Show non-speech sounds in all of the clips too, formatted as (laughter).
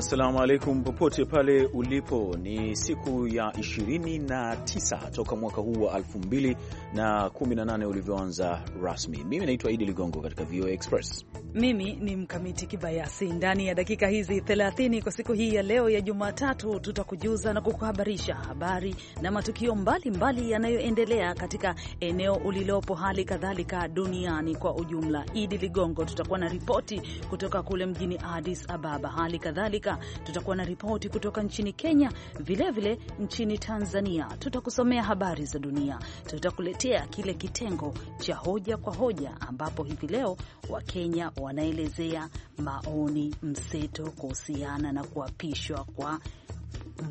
Assalamu alaikum, popote pale ulipo, ni siku ya 29 toka mwaka huu wa 2018 ulivyoanza rasmi. Mimi naitwa Idi Ligongo katika VOA Express. Mimi ni Mkamiti Kibayasi. Ndani ya dakika hizi 30 kwa siku hii ya leo ya Jumatatu, tutakujuza na kukuhabarisha habari na matukio mbalimbali yanayoendelea katika eneo ulilopo, hali kadhalika duniani kwa ujumla. Idi Ligongo, tutakuwa na ripoti kutoka kule mjini Addis Ababa, hali kadhalika Afrika. Tutakuwa na ripoti kutoka nchini Kenya, vilevile vile nchini Tanzania. Tutakusomea habari za dunia, tutakuletea kile kitengo cha hoja kwa hoja, ambapo hivi leo Wakenya wanaelezea maoni mseto kuhusiana na kuapishwa kwa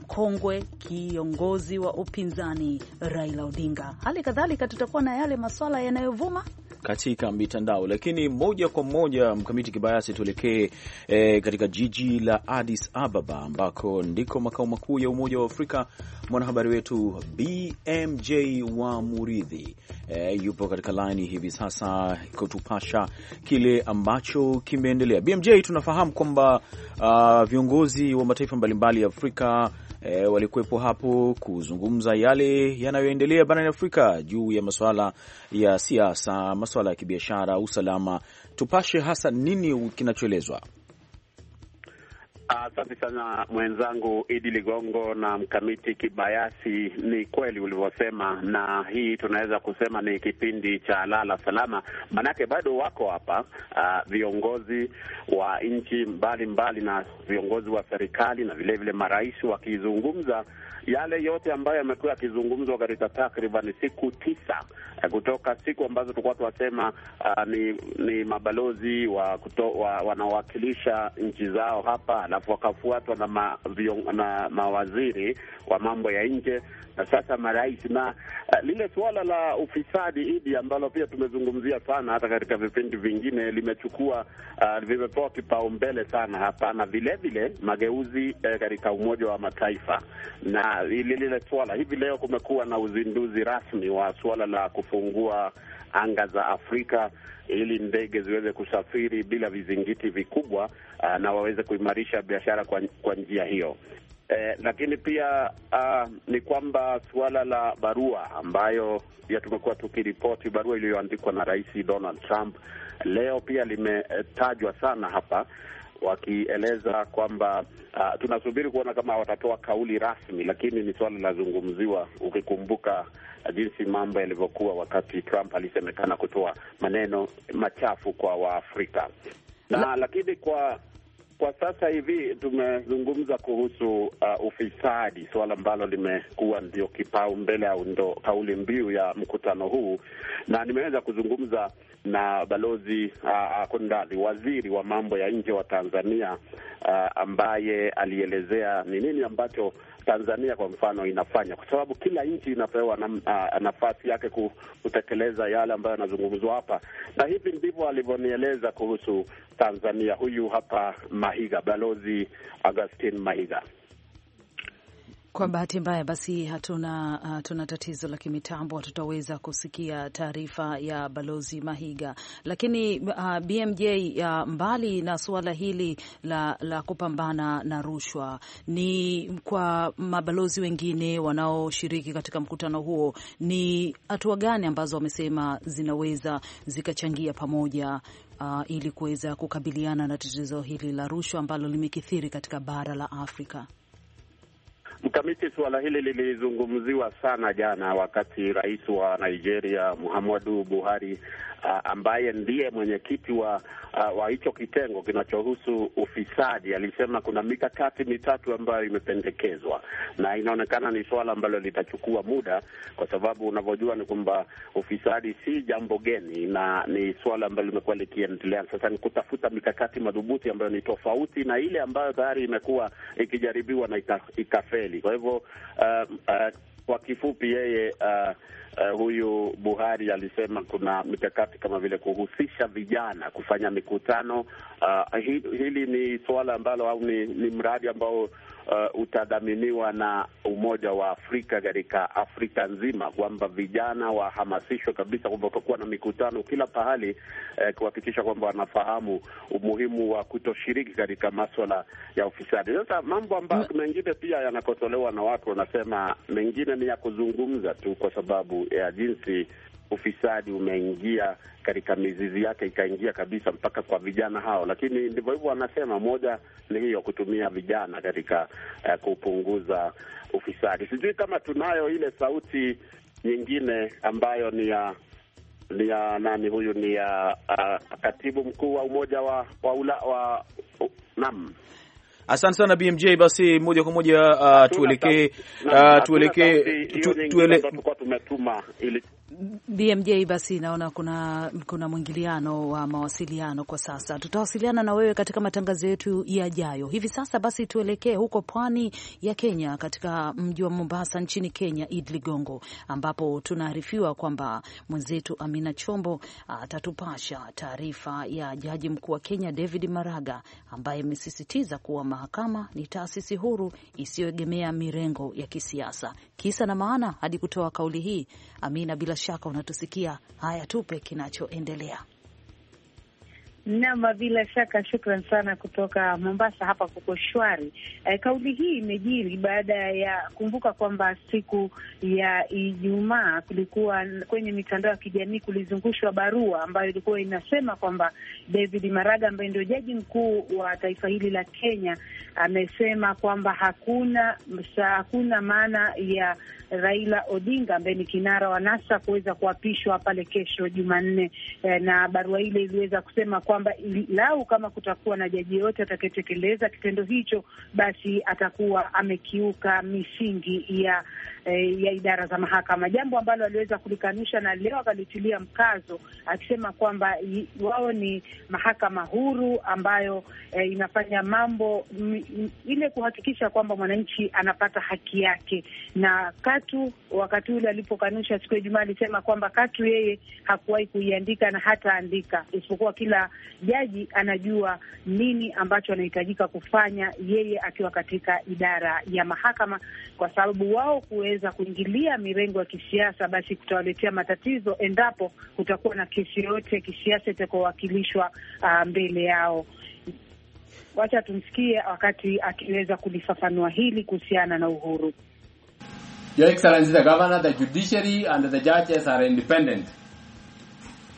mkongwe kiongozi wa upinzani Raila Odinga. Hali kadhalika tutakuwa na yale masuala yanayovuma katika mitandao. Lakini moja kwa moja mkamiti kibayasi, tuelekee eh, katika jiji la Addis Ababa ambako ndiko makao makuu ya Umoja wa Afrika. Mwanahabari wetu BMJ wa Muridhi e, eh, yupo katika laini hivi sasa kutupasha kile ambacho kimeendelea. BMJ, tunafahamu kwamba uh, viongozi wa mataifa mbalimbali ya Afrika e, walikuwepo hapo kuzungumza yale yanayoendelea barani Afrika juu ya masuala ya siasa, masuala ya kibiashara, usalama. Tupashe hasa nini kinachoelezwa? Asante sana mwenzangu Idi Ligongo na mkamiti Kibayasi. Ni kweli ulivyosema, na hii tunaweza kusema ni kipindi cha lala salama, maanake bado wako hapa uh, viongozi wa nchi mbalimbali na viongozi wa serikali na vilevile marais wakizungumza yale yote ambayo yamekuwa yakizungumzwa katika takriban siku tisa eh, kutoka siku ambazo tulikuwa tunasema uh, ni, ni mabalozi wa, wa wanaowakilisha nchi zao hapa alafu wakafuatwa na, ma, na mawaziri wa mambo ya nje na sasa marais na uh, lile suala la ufisadi idi ambalo pia tumezungumzia sana hata katika vipindi vingine limechukua uh, eh, vimepewa kipaumbele sana hapa na vilevile mageuzi eh, katika Umoja wa Mataifa na ili lile suala hivi leo kumekuwa na uzinduzi rasmi wa suala la kufungua anga za Afrika ili ndege ziweze kusafiri bila vizingiti vikubwa uh, na waweze kuimarisha biashara kwa, kwa njia hiyo. Eh, lakini pia uh, ni kwamba suala la barua ambayo pia tumekuwa tukiripoti, barua iliyoandikwa na Rais Donald Trump leo pia limetajwa sana hapa wakieleza kwamba uh, tunasubiri kuona kama watatoa kauli rasmi, lakini ni swala linazungumziwa, ukikumbuka ah, jinsi mambo yalivyokuwa wakati Trump alisemekana kutoa maneno machafu kwa Waafrika na lakini kwa kwa sasa hivi tumezungumza kuhusu uh, ufisadi, suala ambalo limekuwa ndio kipaumbele au ndo kauli mbiu ya mkutano huu, na nimeweza kuzungumza na balozi uh, ah, ah, kundali waziri wa mambo ya nje wa Tanzania uh, ambaye alielezea ni nini ambacho Tanzania kwa mfano inafanya, kwa sababu kila nchi inapewa na, uh, nafasi yake kutekeleza yale ambayo yanazungumzwa hapa, na hivi ndivyo alivyonieleza kuhusu Tanzania. Huyu hapa Mahiga, balozi Augustine Mahiga. Kwa bahati mbaya basi hatuna hatuna uh, tatizo la kimitambo, hatutaweza kusikia taarifa ya balozi Mahiga. Lakini uh, BMJ uh, mbali na suala hili la, la kupambana na rushwa, ni kwa mabalozi wengine wanaoshiriki katika mkutano huo, ni hatua gani ambazo wamesema zinaweza zikachangia pamoja uh, ili kuweza kukabiliana na tatizo hili la rushwa ambalo limekithiri katika bara la Afrika? Mkamiti, suala hili lilizungumziwa sana jana wakati rais wa Nigeria Muhammadu Buhari uh, ambaye ndiye mwenyekiti wa uh, wa hicho kitengo kinachohusu ufisadi alisema kuna mikakati mitatu ambayo imependekezwa, na inaonekana ni suala ambalo litachukua muda, kwa sababu unavyojua ni kwamba ufisadi si jambo geni na ni suala ambalo limekuwa likiendelea. Sasa ni kutafuta mikakati madhubuti ambayo ni tofauti na ile ambayo tayari imekuwa ikijaribiwa na ikafeli. Kwa hivyo uh, uh, kwa kifupi, yeye uh, uh, huyu Buhari alisema kuna mikakati kama vile kuhusisha vijana kufanya mikutano uh, hili, hili ni suala ambalo au ni, ni mradi ambao uh, utadhaminiwa na Umoja wa Afrika katika Afrika nzima, kwamba vijana wahamasishwe kabisa, kwamba utakuwa na mikutano kila pahali eh, kuhakikisha kwamba wanafahamu umuhimu wa kutoshiriki katika maswala ya ufisadi. Sasa mambo ambayo mm. mengine pia yanakosolewa na watu wanasema mengine ni ya kuzungumza tu kwa sababu ya jinsi ufisadi umeingia katika mizizi yake, ikaingia kabisa mpaka kwa vijana hao. Lakini ndivyo hivyo wanasema, moja ni hiyo, kutumia vijana katika uh, kupunguza ufisadi. Sijui kama tunayo ile sauti nyingine ambayo ni ya ni ya nani huyu, ni ya uh, katibu mkuu wa umoja wa wa, ula, wa uh, nam Asante sana BMJ. Basi moja kwa moja ah, tuelekee ah, tuelekee tumetuma ili BMJ, basi naona kuna, kuna mwingiliano wa mawasiliano kwa sasa. Tutawasiliana na wewe katika matangazo yetu yajayo. Hivi sasa basi tuelekee huko pwani ya Kenya, katika mji wa Mombasa nchini Kenya, Id Ligongo, ambapo tunaarifiwa kwamba mwenzetu Amina Chombo atatupasha taarifa ya jaji mkuu wa Kenya David Maraga, ambaye amesisitiza kuwa mahakama ni taasisi huru isiyoegemea mirengo ya kisiasa. Kisa na maana hadi kutoa kauli hii, Amina bila shaka unatusikia. Haya, tupe kinachoendelea nama bila shaka shukran sana kutoka Mombasa, hapa kuko shwari. E, kauli hii imejiri baada ya kumbuka kwamba siku ya Ijumaa kulikuwa kwenye mitandao ya kijamii kulizungushwa barua ambayo ilikuwa inasema kwamba David Maraga ambaye ndio jaji mkuu wa taifa hili la Kenya amesema kwamba hakuna hakuna maana ya Raila Odinga ambaye ni kinara wa NASA kuweza kuapishwa pale kesho Jumanne, e, na barua ile iliweza kusema kwa kwamba lau kama kutakuwa na jaji yoyote atakayetekeleza kitendo hicho, basi atakuwa amekiuka misingi ya eh, ya idara za mahakama, jambo ambalo aliweza kulikanusha na leo akalitilia mkazo akisema kwamba wao ni mahakama huru ambayo eh, inafanya mambo ile kuhakikisha kwamba mwananchi anapata haki yake. Na Katu wakati ule alipokanusha siku ya Ijumaa alisema kwamba Katu yeye hakuwahi kuiandika na hataandika isipokuwa kila jaji anajua nini ambacho anahitajika kufanya yeye akiwa katika idara ya mahakama, kwa sababu wao kuweza kuingilia mirengo ya kisiasa, basi kutawaletea matatizo endapo kutakuwa na kesi yoyote ya kisiasa itakaowakilishwa uh, mbele yao. Wacha tumsikie wakati akiweza kulifafanua hili kuhusiana na uhuru. Your Excellency, the governor, the judiciary and the judges are independent.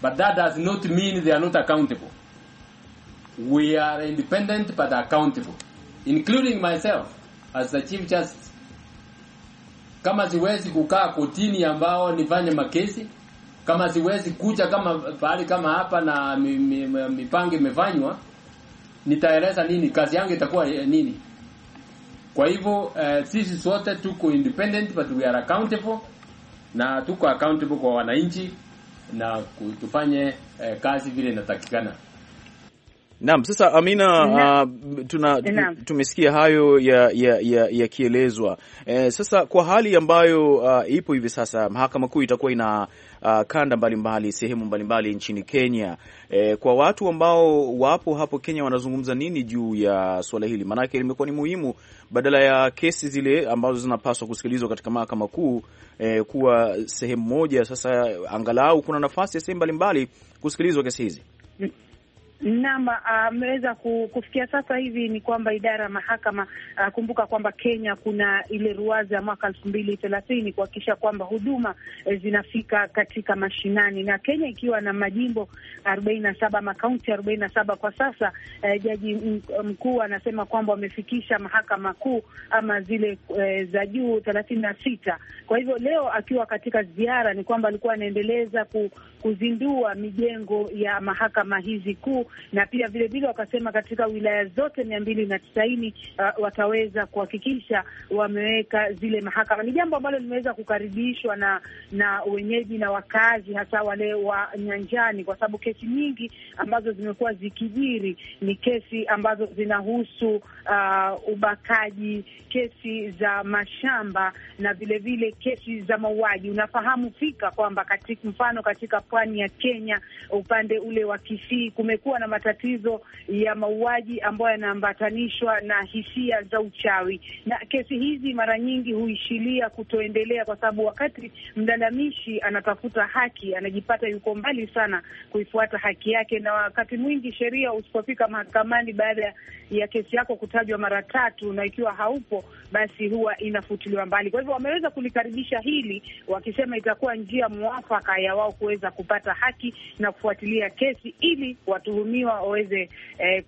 But that does not mean they are not accountable. We are independent but accountable, including myself as the Chief Justice. Kama siwezi kukaa kotini ambao nifanye makesi, kama siwezi kuja kama pahali kama hapa na mipango imefanywa, nitaeleza nini? Kazi yangu itakuwa eh, nini? Kwa hivyo uh, sisi sote tuko independent but we are accountable, na tuko accountable kwa wananchi na tufanye eh, kazi vile inatakikana. Naam, sasa Amina, uh, tuna tumesikia hayo yakielezwa ya, ya, ya eh, sasa kwa hali ambayo uh, ipo hivi sasa, mahakama kuu itakuwa ina uh, kanda mbalimbali mbali, sehemu mbalimbali mbali nchini Kenya eh, kwa watu ambao wapo hapo Kenya wanazungumza nini juu ya suala hili? Maanake limekuwa ni muhimu badala ya kesi zile ambazo zinapaswa kusikilizwa katika mahakama kuu eh, kuwa sehemu moja, sasa angalau kuna nafasi ya sehemu mbalimbali kusikilizwa kesi hizi mm. Naam, ah, ameweza uh, kufikia sasa hivi ni kwamba idara ya mahakama uh, kumbuka kwamba Kenya kuna ile ruwaza ya mwaka elfu mbili thelathini kuhakikisha kwamba huduma eh, zinafika katika mashinani, na Kenya ikiwa na majimbo arobaini na saba makaunti arobaini na saba kwa sasa eh, jaji mkuu anasema kwamba wamefikisha mahakama kuu ama zile eh, za juu thelathini na sita. Kwa hivyo leo akiwa katika ziara ni kwamba alikuwa anaendeleza ku, kuzindua mijengo ya mahakama hizi kuu na pia vilevile wakasema katika wilaya zote mia mbili na tisaini uh, wataweza kuhakikisha wameweka zile mahakama. Ni jambo ambalo limeweza kukaribishwa na na wenyeji na wakazi, hasa wale wa nyanjani, kwa sababu kesi nyingi ambazo zimekuwa zikijiri ni kesi ambazo zinahusu uh, ubakaji, kesi za mashamba na vilevile kesi za mauaji. Unafahamu fika kwamba katika mfano katika pwani ya Kenya upande ule wa Kisii kumekuwa na matatizo ya mauaji ambayo yanaambatanishwa na hisia za uchawi, na kesi hizi mara nyingi huishilia kutoendelea, kwa sababu wakati mlalamishi anatafuta haki anajipata yuko mbali sana kuifuata haki yake, na wakati mwingi sheria, usipofika mahakamani baada ya kesi yako kutajwa mara tatu, na ikiwa haupo, basi huwa inafutiliwa mbali. Kwa hivyo wameweza kulikaribisha hili wakisema itakuwa njia mwafaka ya wao kuweza kupata haki na kufuatilia kesi ili watuhumi mtuhumiwa aweze eh,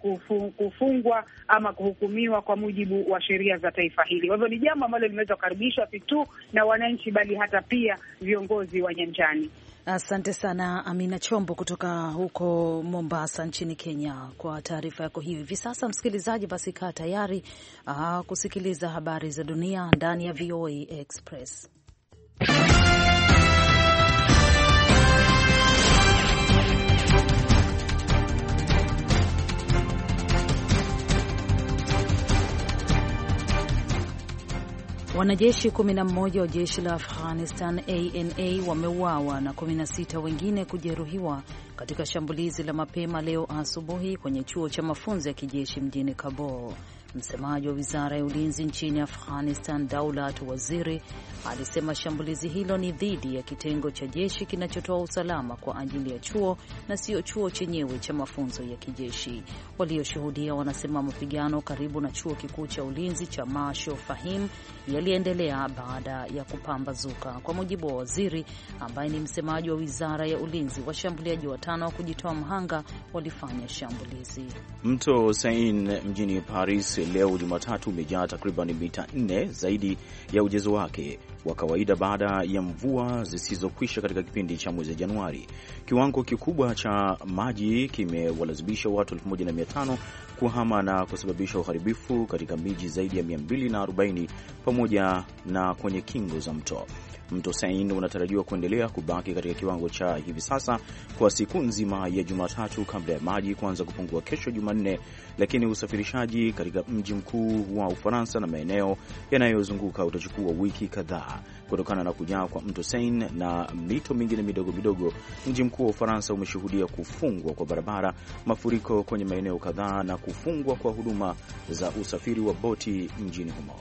kufungwa ama kuhukumiwa kwa mujibu wa sheria za taifa hili. Kwa hivyo ni jambo ambalo limeweza kukaribishwa si tu na wananchi, bali hata pia viongozi wa nyanjani. Asante sana Amina Chombo kutoka huko Mombasa nchini Kenya kwa taarifa yako hiyo. Hivi sasa, msikilizaji, basi kaa tayari uh, kusikiliza habari za dunia ndani ya VOA Express. Wanajeshi 11 wa jeshi la Afghanistan ANA wameuawa na 16 wengine kujeruhiwa katika shambulizi la mapema leo asubuhi kwenye chuo cha mafunzo ya kijeshi mjini Kabul. Msemaji wa wizara ya ulinzi nchini Afghanistan, Daulat Waziri, alisema shambulizi hilo ni dhidi ya kitengo cha jeshi kinachotoa usalama kwa ajili ya chuo na sio chuo chenyewe cha mafunzo ya kijeshi. Walioshuhudia wanasema mapigano karibu na chuo kikuu cha ulinzi cha Masho Fahim yaliendelea baada ya kupambazuka. Kwa mujibu wa waziri ambaye ni msemaji wa wizara ya ulinzi, washambuliaji wa watano wa kujitoa mhanga walifanya shambulizi. Mto Sein mjini Paris leo Jumatatu umejaa takriban mita nne zaidi ya ujazo wake wa kawaida baada ya mvua zisizokwisha katika kipindi cha mwezi Januari. Kiwango kikubwa cha maji kimewalazimisha watu 1500 kuhama na kusababisha uharibifu katika miji zaidi ya 240 pamoja na kwenye kingo za mto. Mto sein unatarajiwa kuendelea kubaki katika kiwango cha hivi sasa kwa siku nzima ya Jumatatu kabla ya maji kuanza kupungua kesho Jumanne, lakini usafirishaji katika mji mkuu wa Ufaransa na maeneo yanayozunguka utachukua wiki kadhaa kutokana na kujaa kwa mto sein na mito mingine midogo midogo. Mji mkuu wa Ufaransa umeshuhudia kufungwa kwa barabara, mafuriko kwenye maeneo kadhaa na kufungwa kwa huduma za usafiri wa boti mjini humo.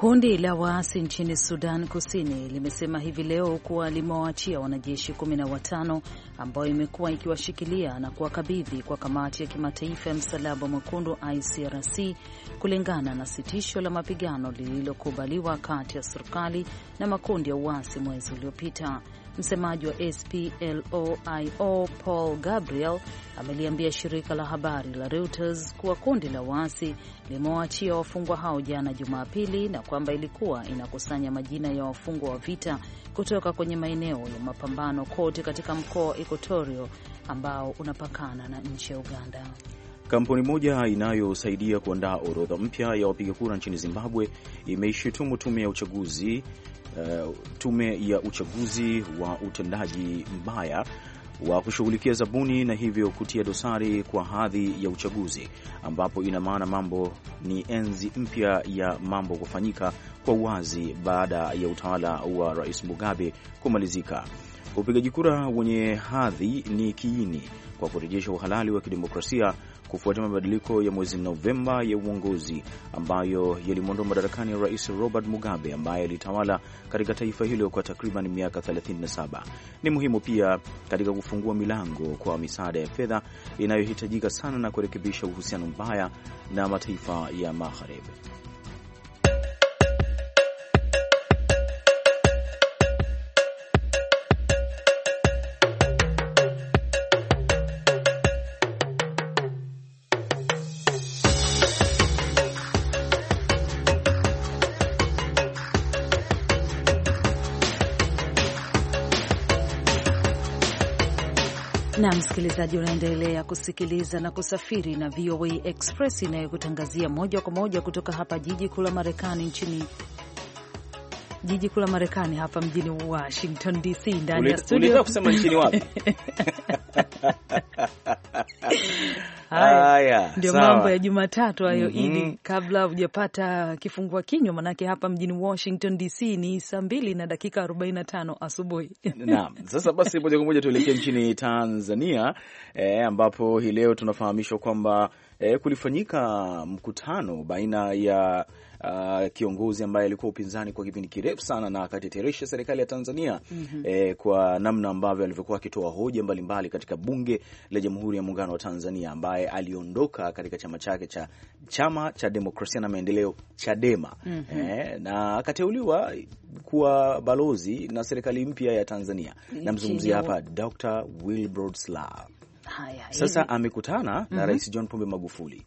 Kundi la waasi nchini Sudan Kusini limesema hivi leo kuwa limewaachia wanajeshi 1naw5 ambao imekuwa ikiwashikilia na kuwakabidhi kwa kamati ya kimataifa ya msalaba mwekundu ICRC kulingana na sitisho la mapigano lililokubaliwa kati ya serikali na makundi ya uasi mwezi uliopita. Msemaji wa SPLOIO Paul Gabriel ameliambia shirika la habari la Reuters kuwa kundi la waasi limewaachia wafungwa hao jana Jumapili na kwamba ilikuwa inakusanya majina ya wafungwa wa vita kutoka kwenye maeneo ya mapambano kote katika mkoa wa Equatorio ambao unapakana na nchi ya Uganda. Kampuni moja inayosaidia kuandaa orodha mpya ya wapiga kura nchini Zimbabwe imeishutumu tume ya uchaguzi uh, tume ya uchaguzi wa utendaji mbaya wa kushughulikia zabuni na hivyo kutia dosari kwa hadhi ya uchaguzi, ambapo ina maana mambo ni enzi mpya ya mambo kufanyika kwa uwazi baada ya utawala wa Rais Mugabe kumalizika. Upigaji kura wenye hadhi ni kiini kwa kurejesha uhalali wa kidemokrasia kufuatia mabadiliko ya mwezi Novemba ya uongozi ambayo yalimwondoa madarakani Rais Robert Mugabe ambaye alitawala katika taifa hilo kwa takriban miaka 37. Ni muhimu pia katika kufungua milango kwa misaada ya fedha inayohitajika sana na kurekebisha uhusiano mbaya na mataifa ya Maghreb. Msikilizaji, unaendelea kusikiliza na kusafiri na VOA Express inayokutangazia moja kwa moja kutoka hapa jiji kuu la Marekani nchini jiji kuu la Marekani hapa mjini Washington DC, ndani ya studio. kusema nchini wapi? (laughs) Haya, ndio mambo ya Jumatatu hayo, mm -hmm. Idi, kabla hujapata kifungua kinywa, manake hapa mjini Washington DC ni saa mbili na dakika 45 asubuhi. (laughs) Naam, sasa basi moja kwa moja tuelekee nchini Tanzania eh, ambapo hii leo tunafahamishwa kwamba e, kulifanyika mkutano baina ya Uh, kiongozi ambaye alikuwa upinzani kwa kipindi kirefu sana na akateteresha serikali ya Tanzania mm -hmm. eh, kwa namna ambavyo alivyokuwa akitoa hoja mbalimbali katika bunge la Jamhuri ya Muungano wa Tanzania, ambaye aliondoka katika chama chake cha Chama cha Demokrasia na Maendeleo Chadema mm -hmm. eh, na akateuliwa kuwa balozi na serikali mpya ya Tanzania. Namzungumzia hapa Dr. Wilbrod Slaa Haya, sasa amekutana mm -hmm. na mhm. Rais John Pombe Magufuli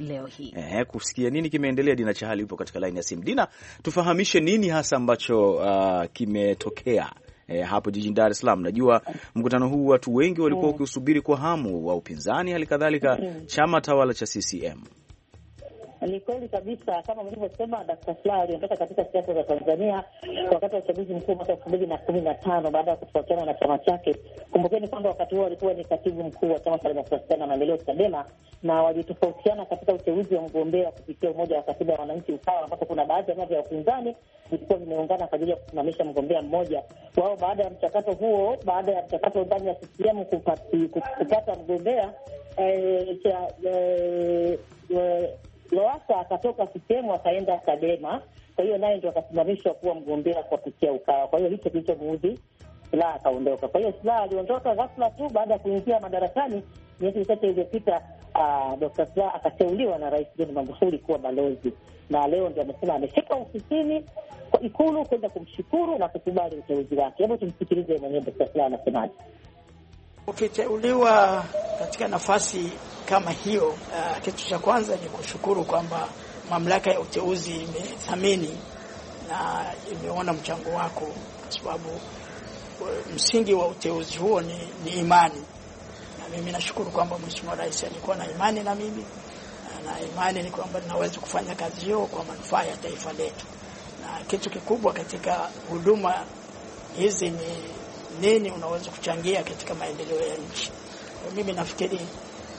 leo hii eh, kusikia nini kimeendelea. Dina Chahali yupo katika laini ya simu. Dina, tufahamishe nini hasa ambacho uh, kimetokea E, hapo jijini Dar es Salaam. Najua mkutano huu watu wengi walikuwa mm. wakiusubiri kwa hamu, wa upinzani, hali kadhalika mm. chama tawala cha CCM. Ni kweli kabisa kama mlivyosema, Dakta Slaa aliondoka katika siasa za Tanzania wakati wa uchaguzi mkuu mwaka elfu mbili na kumi na tano baada ya kutofautiana na chama chake. Kumbukeni kwamba wakati huo alikuwa ni katibu mkuu wa chama cha demokrasia na maendeleo CHADEMA, na walitofautiana katika uteuzi wa mgombea kupitia umoja wa katiba ya wananchi UKAWA, ambapo kuna baadhi ya vyama vya upinzani vilikuwa vimeungana kwa ajili ya kusimamisha mgombea mmoja wao. Baada ya mchakato huo, baada ya mchakato ndani ya CCM kupata mgombea eh, cha eh, eh, Lowassa akatoka CCM akaenda Chadema, kwa hiyo naye ndio akasimamishwa kuwa mgombea kuwapitia Ukawa. Kwa hiyo hicho kilicho kilichomuudhi silaha akaondoka. Kwa hiyo Silaa aliondoka ghafla tu baada ya kuingia madarakani miezi michache iliyopita. Uh, ah, Dr. Slaa akateuliwa na Rais John Magufuli kuwa balozi, na leo ndio amesema amefika ofisini Ikulu kwenda kumshukuru na kukubali uteuzi wake. Hebu tumsikilize mwenyewe Dr. Slaa anasemaje. Ukiteuliwa katika nafasi kama hiyo, uh, kitu cha kwanza ni kushukuru kwamba mamlaka ya uteuzi imethamini na imeona mchango wako, kwa sababu uh, msingi wa uteuzi huo ni, ni imani, na mimi nashukuru kwamba Mheshimiwa Rais alikuwa na imani na mimi na imani ni kwamba ninaweza kufanya kazi hiyo kwa manufaa ya taifa letu, na kitu kikubwa katika huduma hizi ni nini unaweza kuchangia katika maendeleo ya nchi. Mimi nafikiri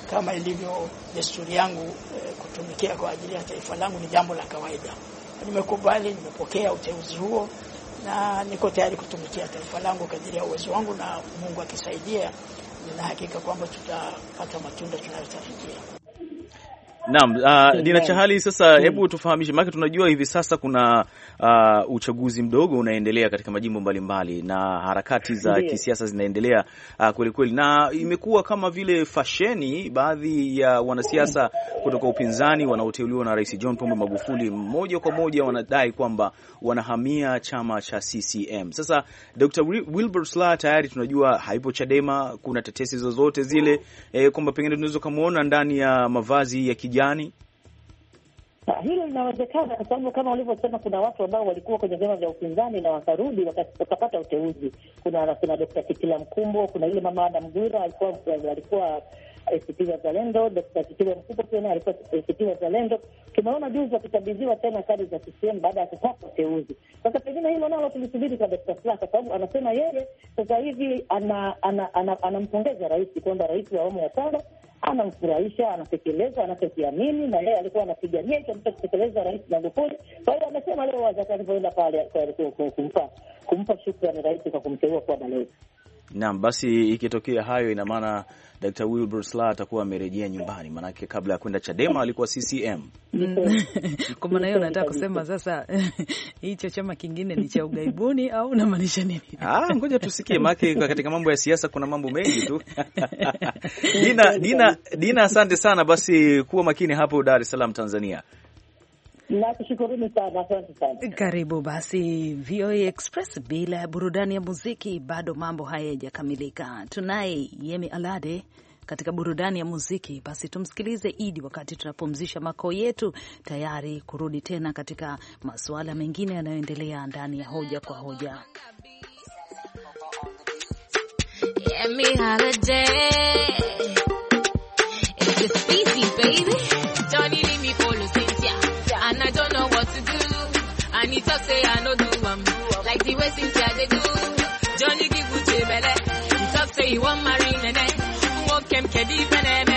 kama ilivyo desturi yangu e, kutumikia kwa ajili ya taifa langu ni jambo la kawaida. Nimekubali, nimepokea uteuzi huo na niko tayari kutumikia taifa langu kadiri ya uwezo wangu, na Mungu akisaidia, nina hakika kwamba tutapata matunda tunayotarajia. Naam, uh, Dina Chahali, sasa hmm. hebu tufahamishe, maana tunajua hivi sasa kuna uh, uchaguzi mdogo unaendelea katika majimbo mbalimbali na harakati za kisiasa zinaendelea uh, kweli kweli, na imekuwa kama vile fasheni, baadhi ya wanasiasa kutoka upinzani wanaoteuliwa na Rais John Pombe Magufuli moja kwa moja wanadai kwamba wanahamia chama cha CCM. Sasa Dr. Wilbur Sla tayari tunajua haipo Chadema, kuna tetesi zozote zile eh, kwamba pengine tunaweza kumuona ndani ya mavazi ya ki kijani? Ah, hilo linawezekana kwa sababu kama ulivyosema, kuna watu ambao walikuwa kwenye vyama vya upinzani na wakarudi wakapata uteuzi. Kuna kuna Dokta Kitila Mkumbo, kuna yule mama Adam Gwira alikuwa alikuwa ACT Wazalendo, Dkt. Kitiwa Mkubwa pia naye alikuwa ACT Wazalendo. Tumeona juzi wakikabidhiwa tena kadi za CCM baada ya kupata uteuzi. Sasa pengine hilo nalo tulisubiri kwa Dkt. Slaa, kwa sababu anasema yeye sasa hivi anampongeza rais kwamba rais wa awamu ya tano anamfurahisha, anatekeleza anachokiamini, na yeye alikuwa anapigania hicho mtu kutekeleza Rais Magufuli. Kwa hiyo amesema leo wakati alivyoenda pale alikuwa kumpa kumpa shukrani rais kwa kumteua kuwa balozi. Naam, basi ikitokea hayo, ina maana Dr. Wilbur Sla atakuwa amerejea nyumbani, maanake kabla ya kwenda Chadema alikuwa CCM. Mm-hmm. Kwa maana hiyo nataka (laughs) kusema sasa (laughs) hicho chama kingine ni cha ugaibuni au unamaanisha nini? Ah, ngoja tusikie, maanake katika mambo ya siasa kuna mambo mengi tu. (laughs) Dina, Dina, Dina, asante sana basi, kuwa makini hapo Dar es Salaam, Tanzania. Nakushukuruni sana, asante sana. Karibu basi VOA Express. Bila ya burudani ya muziki, bado mambo hayajakamilika. Tunaye Yemi Alade katika burudani ya muziki. Basi tumsikilize Idi wakati tunapumzisha makoo yetu, tayari kurudi tena katika masuala mengine yanayoendelea ndani ya hoja kwa hoja. It's a speedy, baby. When you talk say I no do am, like the way things they do. Johnny give you bele, He talk say he want marry nene, walk him kedi bene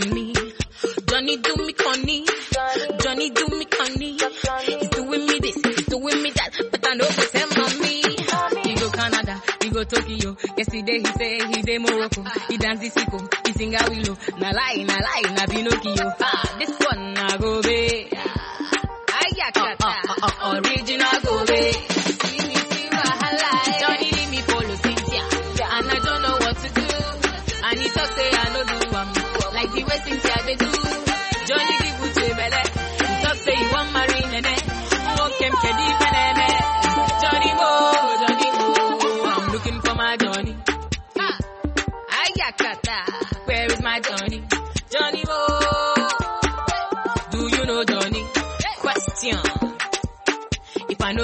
for me. Johnny do me conny. Johnny do me conny. He's doing me this, he's doing me that, but I know for him on me. He go Canada, he go Tokyo. Yesterday he say he dey Morocco. He dance the he sing a willow. Na lie, na lie, na Pinocchio. Ah.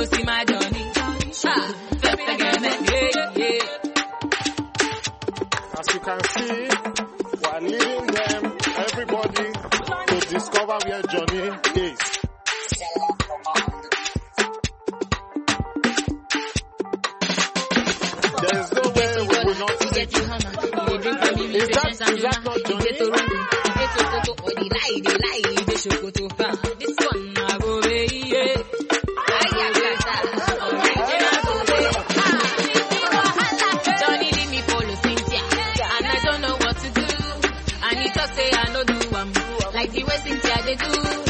you see my journey. Ha, the yeah, yeah. As you can see, we're leading them, everybody, to discover where Johnny is. There's no way we will not see it. Is that, is that not Johnny? They lie, they lie, they go talk say I no do am. Like the way Cynthia they do.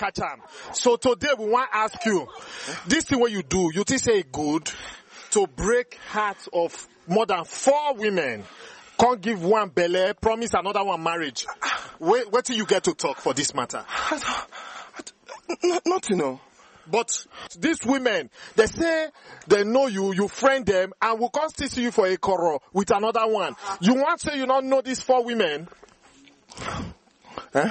catch them. So today we want to ask you, this is what you do, you think say good to break hearts of more than four women. Can't give one belle, promise another one marriage. Wait, wait till you get to talk for this matter. Not, you know. But these women, they say they know you, you friend them, and will come see you for a quarrel with another one. You want to say you don't know these four women? Eh?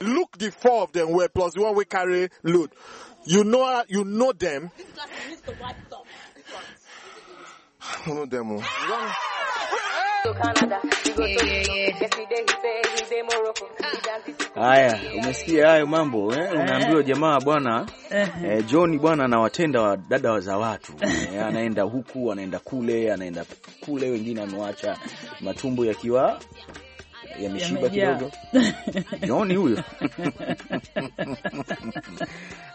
Look, the four of them were plus the one we carry load. You know, uh, you know them. I don't know them. Oh. One. Haya, umesikia hayo mambo eh? Unaambiwa eh. jamaa bwana eh. eh, John bwana anawatenda wa dada za watu (laughs) eh, anaenda huku anaenda kule anaenda kule, wengine amewacha matumbo yakiwa yameshiba kidogo, (laughs) yoni huyo.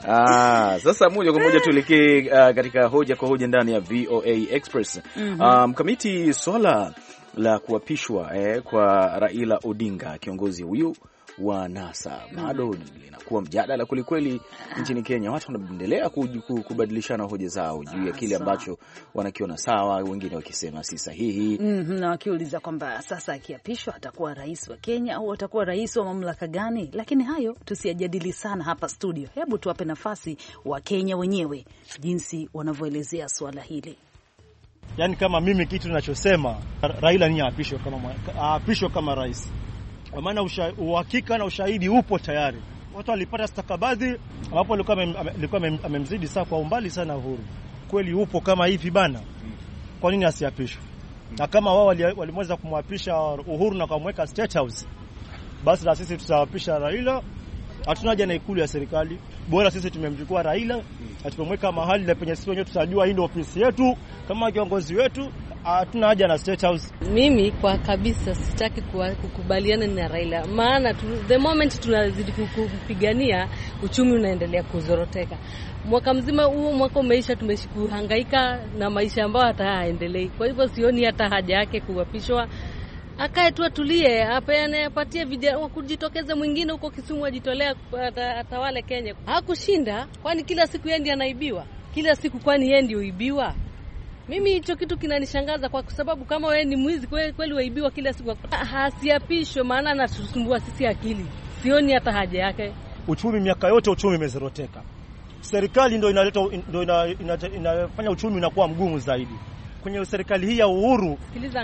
Ah, sasa moja kwa moja tuelekee uh, katika hoja kwa hoja ndani ya VOA Express mhm. ah, mkamiti mm -hmm. um, swala la kuapishwa eh, kwa Raila Odinga, kiongozi huyu wa NASA bado linakuwa mjadala kwelikweli nchini Kenya. Watu wanaendelea kubadilishana hoja zao juu ya kile ambacho wanakiona sawa, wengine wakisema si sahihi mm -hmm, na wakiuliza kwamba sasa akiapishwa atakuwa rais wa Kenya au atakuwa rais wa mamlaka gani? Lakini hayo tusiyajadili sana hapa studio. Hebu tuwape nafasi Wakenya wenyewe jinsi wanavyoelezea suala hili. Yaani, kama mimi kitu nachosema, Raila niye aapishwe kama, aapishwe kama rais kwa maana uhakika na ushahidi upo tayari. Watu walipata stakabadhi ambapo alikuwa amemzidi saa kwa umbali sana Uhuru. Kweli upo kama hivi bana, kwa nini asiapishwe? Na kama wao walimweza kumwapisha Uhuru na kumweka State House, basi na sisi tutawapisha Raila Hatuna haja na ikulu ya serikali, bora sisi tumemchukua Raila atumemweka mahali na penye sisi wenyewe tutajua hii ndio ofisi yetu kama kiongozi wetu. Hatuna haja na State House. Mimi kwa kabisa sitaki kukubaliana na Raila, maana tu, the moment tunazidi kupigania uchumi unaendelea kuzoroteka. Mwaka mzima huu, mwaka umeisha, tumeshikuhangaika na maisha ambayo hata haendelei. Kwa hivyo sioni hata haja yake kuapishwa akae tu atulie, apeane, apatie vijana kujitokeza, Mwingine huko Kisumu ajitolea atawale Kenya, hakushinda. Kwani kila siku yeye ndiye anaibiwa kila siku? Kwani yeye ndiye uibiwa? Mimi hicho kitu kinanishangaza kwa sababu kama wewe ni mwizi kweli, waibiwa kila siku, hasiapishwe, maana anatusumbua sisi akili. Sioni hata haja yake. Uchumi miaka yote uchumi umezoroteka serikali ndio inaleta ndio inafanya uchumi unakuwa mgumu zaidi kwenye serikali hii ya uhuru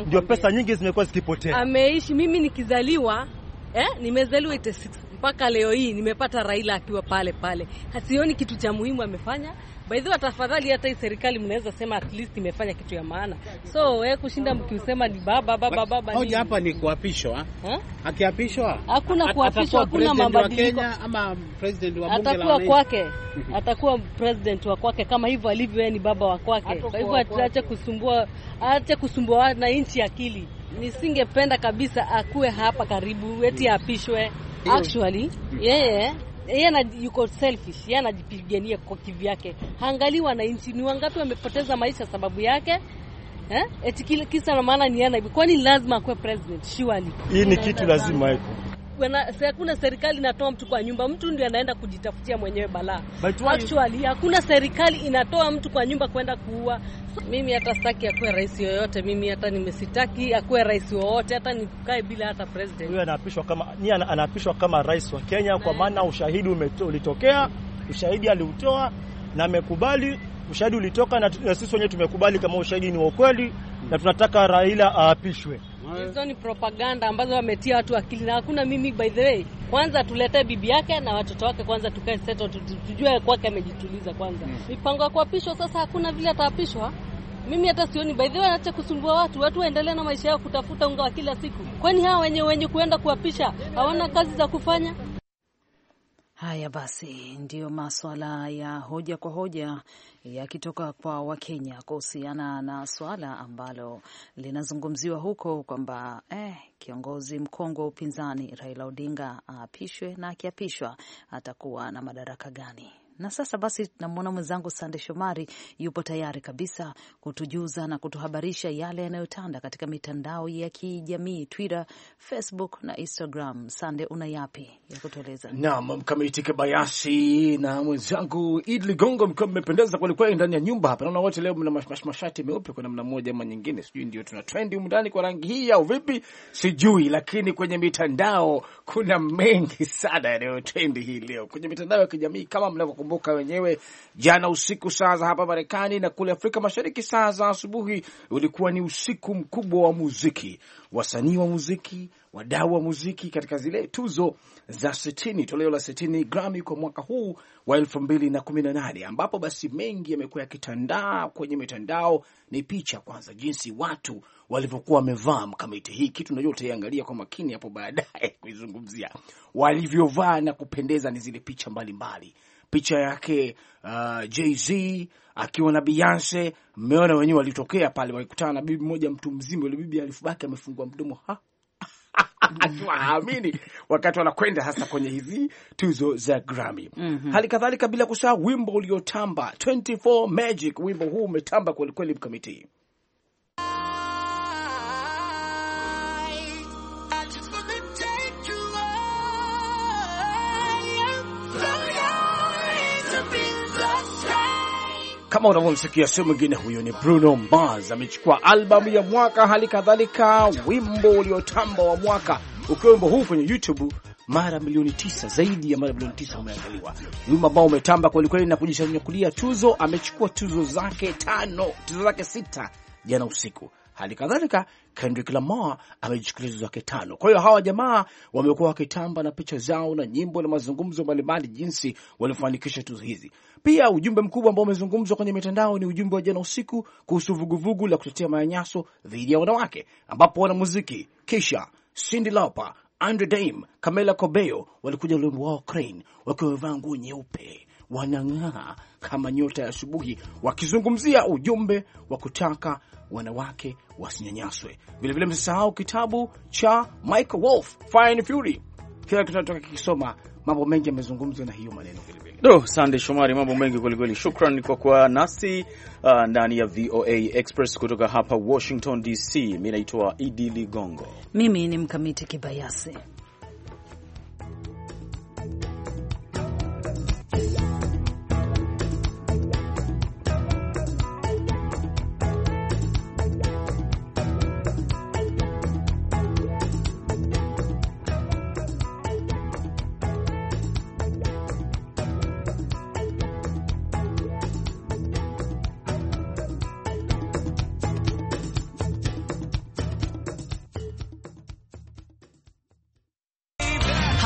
ndio pesa nyingi zimekuwa zikipotea. Ameishi mimi nikizaliwa eh, nimezaliwa 86 mpaka leo hii nimepata Raila akiwa pale pale, hasioni kitu cha muhimu amefanya. By the way, tafadhali, hata hii serikali mnaweza sema at least imefanya kitu ya maana, so wewe kushinda mkiusema ni baba baba baba. Hoja hapa ni kuapishwa, Ha? akiapishwa hakuna kuapishwa, hakuna mabadiliko. Ama president wa bunge la atakuwa kwake, mhm. atakuwa president wa kwake kama hivyo alivyo, yeye ni baba wa kwake. Kwa hivyo aache kusumbua, aache kusumbua na nchi akili. Nisingependa kabisa akuwe hapa karibu, eti apishwe actually mm. yeye yeye yuko selfish, yeye anajipigania kwa kivyake. Haangalii wananchi ni wangapi wamepoteza maisha sababu yake. Eh? Eti kisa na maana ni yeye. Kwani lazima akuwe president surely? Hii ni kitu lazima iko hakuna serikali inatoa mtu kwa nyumba, mtu ndio anaenda kujitafutia mwenyewe balaa. Actually hakuna serikali inatoa mtu kwa nyumba kwenda kuua. So, mimi hata sitaki akuwe rais yoyote, mimi hata nimesitaki akuwe rais wowote, hata nikae bila hata president. Huyu anaapishwa kama ni anaapishwa kama rais wa Kenya kwa eh. maana ushahidi ulitokea, ushahidi aliutoa na amekubali ushahidi ulitoka, na eh, sisi wenyewe tumekubali kama ushahidi ni wa kweli, na tunataka Raila aapishwe hizo ni propaganda ambazo wametia watu akili, na hakuna mimi. By the way, kwanza tuletee bibi yake na watoto wake, kwanza tukae seto, tujue kwake amejituliza kwanza. Hmm. Mipango mm. ya kuapishwa sasa, hakuna vile ataapishwa. Mimi hata sioni, by the way, acha kusumbua watu, watu waendelee na maisha yao, kutafuta unga wa kila siku. Kwani hawa wenye wenye kuenda kuapisha hawana kazi za kufanya? Haya basi, ndiyo maswala ya hoja kwa hoja yakitoka kwa Wakenya kuhusiana na swala ambalo linazungumziwa huko kwamba eh, kiongozi mkongwe wa upinzani Raila Odinga aapishwe, na akiapishwa atakuwa na madaraka gani? Na sasa basi namwona mwenzangu Sande Shomari yupo tayari kabisa kutujuza na kutuhabarisha yale yanayotanda katika mitandao ya kijamii Twitter, Facebook na Instagram. Sande, una yapi ya kutueleza? Naam, Mkamiti Kibayasi na mwenzangu Idi Ligongo, mkiwa mmependeza kwelikweli ndani ya nyumba hapa. Naona wote leo mna mashati meupe kwa namna moja ama nyingine, sijui ndio tuna trendi humu ndani kwa rangi hii au vipi, sijui, lakini kwenye mitandao kuna mengi sana yanayotrendi hii leo kwenye mitandao ya kijamii kama mnavyo Mtakumbuka wenyewe jana usiku saa za hapa Marekani na kule Afrika Mashariki saa za asubuhi, ulikuwa ni usiku mkubwa wa muziki, wasanii wa muziki, wadau wa muziki katika zile tuzo za sitini, toleo la sitini Grammy kwa mwaka huu wa elfu mbili na kumi na nane ambapo basi mengi yamekuwa yakitandaa kwenye mitandao. Ni picha kwanza, jinsi watu walivyokuwa wamevaa mkamiti hii kitu, najua utaiangalia kwa makini hapo baadaye (laughs) kuizungumzia, walivyovaa na kupendeza, ni zile picha mbalimbali mbali picha yake uh, Jay-Z akiwa na Beyonce. Mmeona wenyewe walitokea pale, walikutana na bibi moja mtu mzima, yule bibi alifubaki amefungua mdomo ha akiwa (laughs) haamini wakati wanakwenda hasa kwenye hizi tuzo za Grammy. mm -hmm. Hali kadhalika bila kusahau wimbo uliotamba 24 Magic, wimbo huu umetamba kwelikweli mkamitii kama unavyomsikia, sio mwingine huyo, ni Bruno Mars. Amechukua albamu ya mwaka, hali kadhalika wimbo uliotamba wa mwaka, ukiwa wimbo huu kwenye YouTube mara milioni tisa, zaidi ya mara milioni tisa umeangaliwa, wimbo ambao umetamba kwelikweli na kujishanyakulia tuzo. Amechukua tuzo zake tano, tuzo zake sita jana usiku. Hali kadhalika Kendrick Lamar amejichukulia tuzo zake tano. Kwa hiyo hawa jamaa wamekuwa wakitamba na picha zao na nyimbo na mazungumzo mbalimbali, jinsi waliofanikisha tuzo hizi. Pia ujumbe mkubwa ambao umezungumzwa kwenye mitandao ni ujumbe wa jana usiku kuhusu vuguvugu la kutetea manyanyaso dhidi ya wanawake, ambapo wanamuziki Kesha, Cyndi Lauper, Andre Dame, Camila Cobello walikuja ulimbo wao Crane wakiwa wamevaa nguo nyeupe, wanang'aa kama nyota ya asubuhi, wakizungumzia ujumbe wa kutaka wanawake wasinyanyaswe. Vilevile msisahau kitabu cha Michael Wolf Fire and Fury, kila kinatoka kikisoma, mambo mengi yamezungumzwa na hiyo maneno vile Do Sande Shomari, mambo mengi kwelikweli. Shukran kwa kuwa nasi uh, ndani ya VOA Express kutoka hapa Washington DC. Mi naitwa Idi Ligongo, mimi ni Mkamiti Kibayasi.